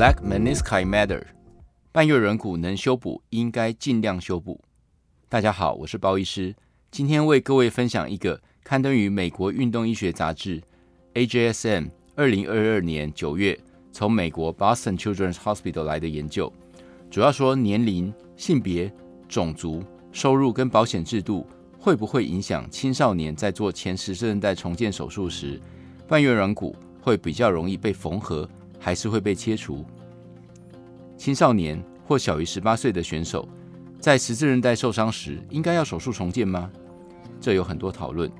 Black Menisci Matter! 半月軟骨能修補，應該盡量修補。大家好，我是包醫師，今天為各位分享一個刊登於美國運動醫學雜誌 （AJSM） 二零二二年九月從美國 Boston Children's Hospital 來的研究，主要說年齡、性別、種族、收入跟保險制度會不會影響青少年在做前十字韌帶重建手術時，半月軟骨會比較容易被縫合。還是會被切除。青少年或小於十八歲的選手，在十字韌帶受傷時，應該要手術重建嗎？這有很多討論。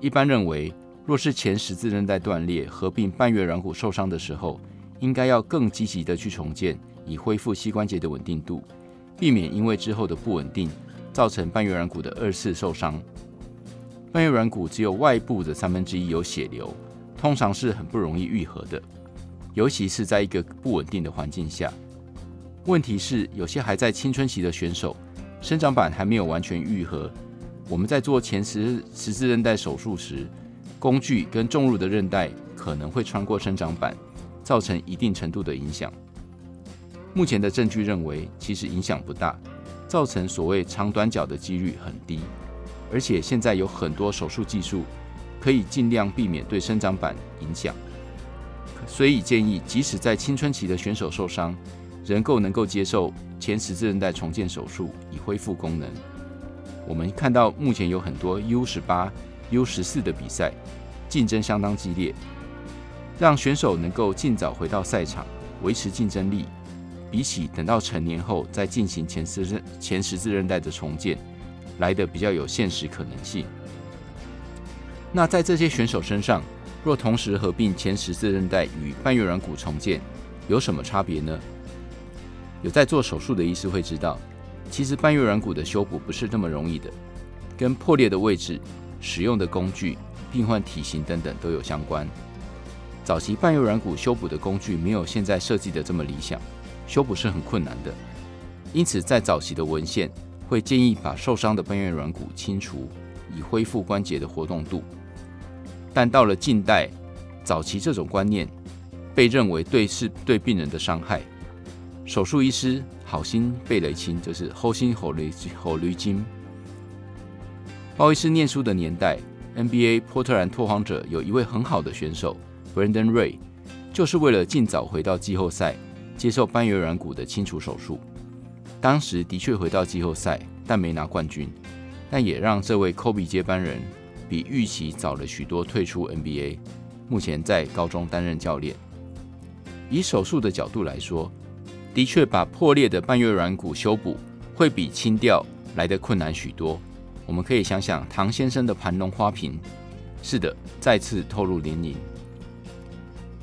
一般認為，若是前十字韌帶斷裂合併半月軟骨受傷的時候，應該要更積極地去重建，以恢復膝關節的穩定度，避免因為之後的不穩定造成半月軟骨的二次受傷。半月軟骨只有外部的三分之一有血流，通常是很不容易癒合的。尤其是在一個不穩定的環境下，問題是有些還在青春期的選手，生長板還沒有完全愈合。我們在做前十字十字韌帶手術時，工具跟重建的韌帶可能會穿過生長板，造成一定程度的影響。目前的證據認為，其實影響不大，造成所謂長短腳的幾率很低。而且現在有很多手術技術可以盡量避免對生長板影響。所以建議，即使在青春期的選手受傷，仍夠能夠接受前十字韌帶重建手術以恢復功能。我們看到目前有很多 U 十八、U 十四的比賽，競爭相當激烈，讓選手能夠盡早回到賽場，維持競爭力，比起等到成年後再進行前十字前十字韌帶的重建，來得比較有現實可能性。那在這些選手身上。若同時合併前十字韌帶與半月軟骨重建，有什麼差別呢？有在做手術的醫師會知道，其實半月軟骨的修補不是這麼容易的，跟破裂的位置、使用的工具、病患體型等等都有相關。早期半月軟骨修補的工具沒有現在設計的這麼理想，修補是很困難的。因此在早期的文獻會建議把受傷的半月軟骨清除，以恢復關節的活動度。但到了近代早期，這種觀念被認為對是對病人的傷害。手術醫師好心被雷欽，就是後心吼驢吼驢精。包醫師唸書的年代，NBA 波特蘭拓荒者有一位很好的選手，Brandon Roy，就是為了盡早回到季後賽，接受半月軟骨的清除手術。當時的確回到季後賽，但沒拿冠軍，但也讓這位 Kobe 接班人，比預期早了許多退出 NBA，目前在高中擔任教練。以手術的角度來說，的確把破裂的半月軟骨修補會比清掉來得困難許多。我們可以想想唐先生的盤龍花瓶。是的，再次透露年齡。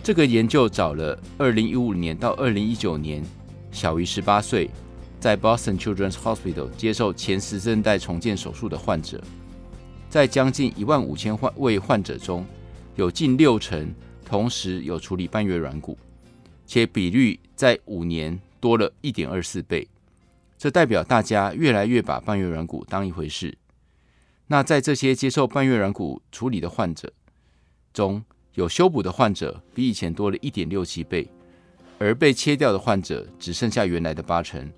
這個研究找了2015年到2019年小於18歲，在 Boston Children's Hospital 接受前十字韌帶重建手術的患者。在將近一萬五千位患者中，有近六成同時有處理半月軟骨，且比率在五年多了一點二四倍。這代表大家越來越把半月軟骨當一回事。那在這些接受半月軟骨處理的患者中，有修補的患者比以前多了一點六七倍，而被切掉的患者只剩下原來的八成。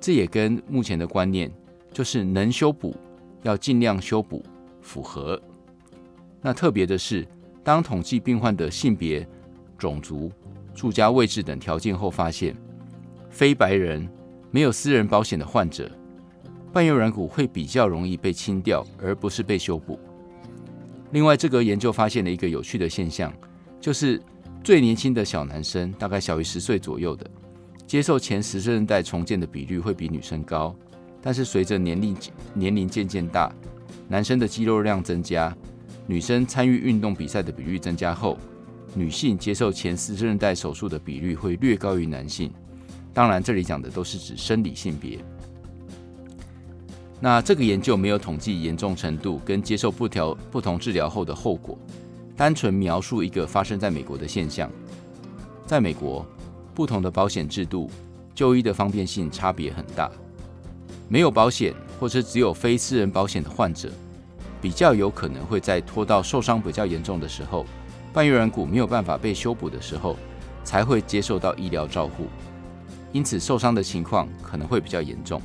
這也跟目前的觀念就是能修補，要盡量修補。符合。那特別的是，當統計病患的性別、種族、住家位置等條件後，發現非白人、沒有私人保險的患者，半月軟骨會比較容易被清掉，而不是被修補。另外，這個研究發現了一個有趣的現象，就是最年輕的小男生，大概小於十歲左右的，接受前十字韌帶重建的比率會比女生高，但是隨着年齡年齡漸漸大，男生的肌肉量增加，女生參與運動比賽的比率增加後，女性接受前十字韌帶手術的比率會略高於男性。當然，這裡講的都是指生理性別。那這個研究沒有統計嚴重程度跟接受不調不同治療後的後果，單純描述一個發生在美國的現象。在美國，不同的保險制度、就醫的方便性差別很大，沒有保險，或是只有非私人保險的患者，比較有可能會在拖到受傷比較嚴重的時候，半月軟骨沒有辦法被修補的時候，才會接受到醫療照護，因此受傷的情況可能會比較嚴重，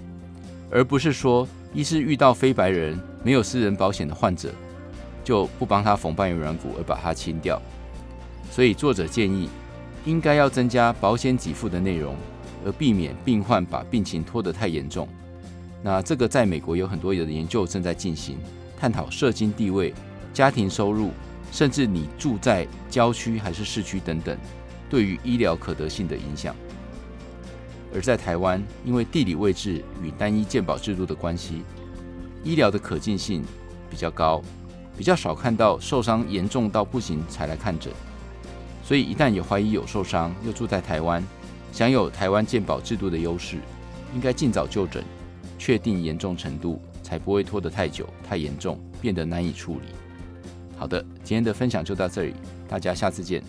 而不是說，醫師遇到非白人沒有私人保險的患者，就不幫他縫半月軟骨而把它清掉。所以作者建議，應該要增加保險給付的內容，而避免病患把病情拖得太嚴重。那這個在美國有很多有的研究正在進行，探討社經地位、家庭收入，甚至你住在郊區還是市區等等，對於醫療可得性的影響。而在台灣，因為地理位置與單一健保制度的關係，醫療的可近性比較高，比較少看到受傷嚴重到不行才來看診。所以一旦有懷疑有受傷，又住在台灣，享有台灣健保制度的優勢，應該盡早就診。確定嚴重程度，才不會拖得太久，太嚴重，變得難以處理。好的，今天的分享就到這裡，大家下次見。